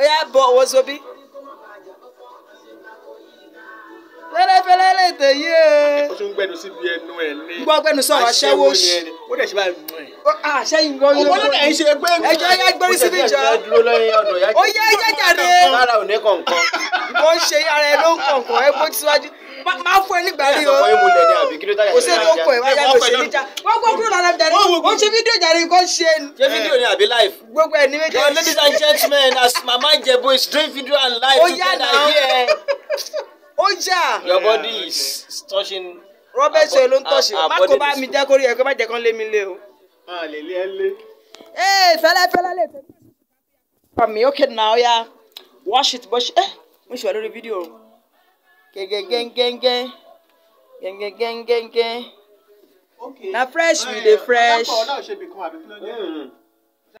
ó yá bọ ọwọ́ sobi. fẹ́lẹ́fẹ́lẹ́ lè tẹ̀ yí ẹ. ó tún gbẹnu síbi ẹnu ẹ ní. gbọ́ gbẹnu sọ̀rọ̀ aṣẹ́wó ṣe. ó dẹ̀ ṣe bá mú ẹ. àṣẹyìn gan yóò. òwúlò náà ń ṣe pé. ẹjọ́ yá gbórí síbi ìjọ. ó yá ẹjẹ jàre. rárá ò ní kọ̀ọ̀kan. mo ń ṣe ara ẹ ló ń kọ̀ọ̀kan ẹ bó ti síwájú. máa fún ẹ nígbà rí o. ẹ kò sí tó kọ ìwà yàgò ṣe níjà wọ́n kó kúrò lára jàre ó ṣe fídíò jàre kó ṣe. ṣé fídíò ni àbí live. gbogbo ẹ̀ ní méjèèjì. your ladies and gentlemen as mama jebo is doing video and live together here. ó jà. your body is touching. Robert ṣe ló ń tọ̀ṣe má kó bá mi jẹ́ kórìí ẹ̀ kó má jẹ́ kán lé mi lé o. a lè lé ẹ lé. ee eh, fẹlẹfẹlẹ lè tẹ̀lé for me okay now ya wash it bó ṣe ẹ mo ṣe wà lórí fídíò gẹ́gẹ́ gẹ́gẹ́ gẹ́gẹ́ gẹ́ngẹ́ gẹ́ngẹ́ na fresh we dey fresh.